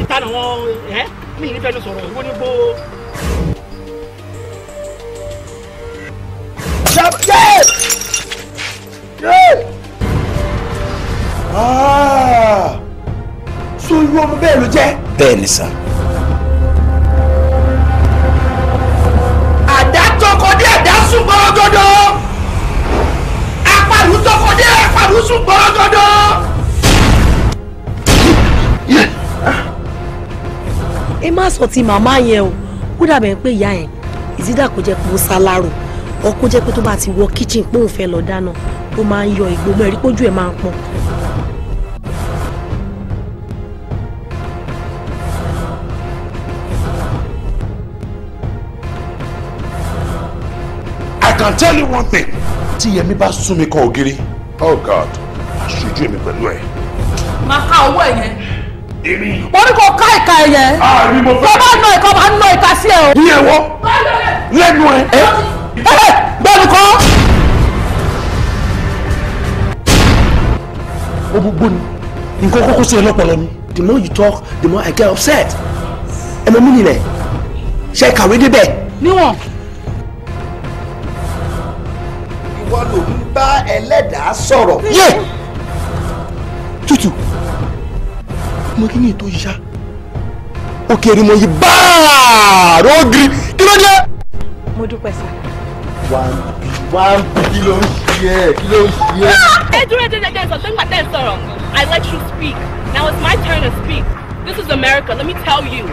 ìta nà wọn ẹ mi ní fẹnu sọ̀rọ̀ ìwọ ni gbó. so irú ọmọ bẹ́ẹ̀ ló jẹ́. bẹ́ẹ̀ ni sà. àdá tọkọ dé àdá sùn gbọ́dọ̀. ẹ má sọ ti màmá yẹn o ó dàbẹ̀ pé ìyá yẹn ìdídà kò jẹ́ pé ó ṣàlárò ọkọ jẹ́ pé tó bá ti wọ kíchìn pé òun fẹ́ lọ dáná ó máa ń yọ ìgbómọ̀ ẹ̀rí pójú ẹ̀ máa ń pọ́n. I can tell you one thing tí Yẹmí bá sún mi kan ògiri oh God aṣojú èmi pẹ̀lú ẹ̀. màá ká owó ẹ̀ yẹn èmi. wọ́n ní kò ká ìka ẹ̀ yẹn. àmì ah, mo fẹ́. bàbá nọ ìka máa nọ ìka sí ẹ o. ní ẹwọ lẹ́nu ẹ. ẹ bẹ́ẹ̀ni kọ́. ó gbogbo ni nǹkan kókó sí ẹ lọ́pọ̀lọ́ ni. the more you talk the more I get upset. ẹ mọ mí nìyẹn ṣe kàwé débẹ̀. níwọ̀n. ìwọ ló ń bá ẹlẹ́dàá sọ̀rọ̀. yé tutù. mọ kí ni ètò yìí ṣá ó kéré mọ yìí báàrò ògiri kí ló dé. mo dúpẹ́ o mo ah, ẹ kí e so sọ̀rọ̀ I let you speak now it's my turn to speak this is America let me tell you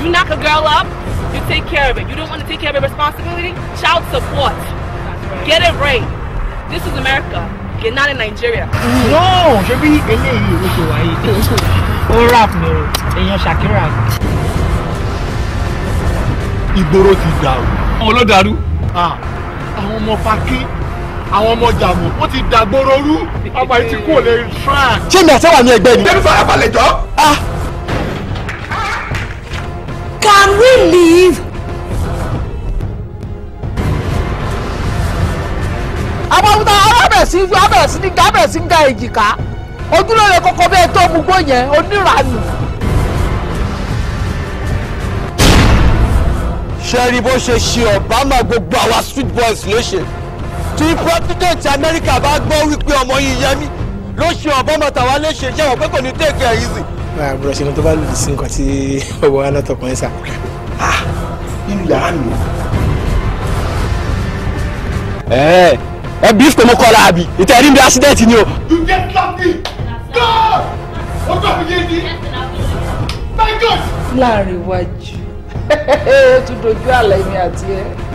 you knock a girl up you take care of it you don't want to take care of your responsibility child support get it right this is America. You're not in Nigeria. No, ó rap ni o èèyàn Shakira. ìgboro ti dàrú. àwọn olódàrú. àwọn ọmọ fakí àwọn ọmọ jàmù ó ti dàgbòrò rú ọmọ yìí ti kú ò lè track. ṣé mi àṣẹ wà ní ẹgbẹ́ ni. débi fara balẹ̀ jọ. Can we leave? àwọn ọmọ tó abẹ̀ sí ní abẹ̀ sí ga èjìká ojúlọ́rẹ̀ kọ́kọ́ bẹ́ẹ̀ tó gbogbo yẹn oníranù. ṣẹ́rí bó ṣe ṣe Obama gbogbo àwa street boys ló ṣe tí president America bá gbọ́ wípé ọmọ yìí yẹmí ló ṣe Obama tàwa léṣe ṣé wọn pé kò ní take it easy. máa bọ̀rọ̀ ṣe ni tó bá lòdì sí nǹkan tí ọmọ wa náà tọkùnrin ah, sà. ìlú yàrá mi. ẹ ẹ bí fún mi kọ́ la àbí ìtẹ̀rí accident ni o. you get lucky. God! Wọ́n gbà fún you di. My God! Láàrin iwájú, ó tún dojú àlẹ́ mi àti ẹ.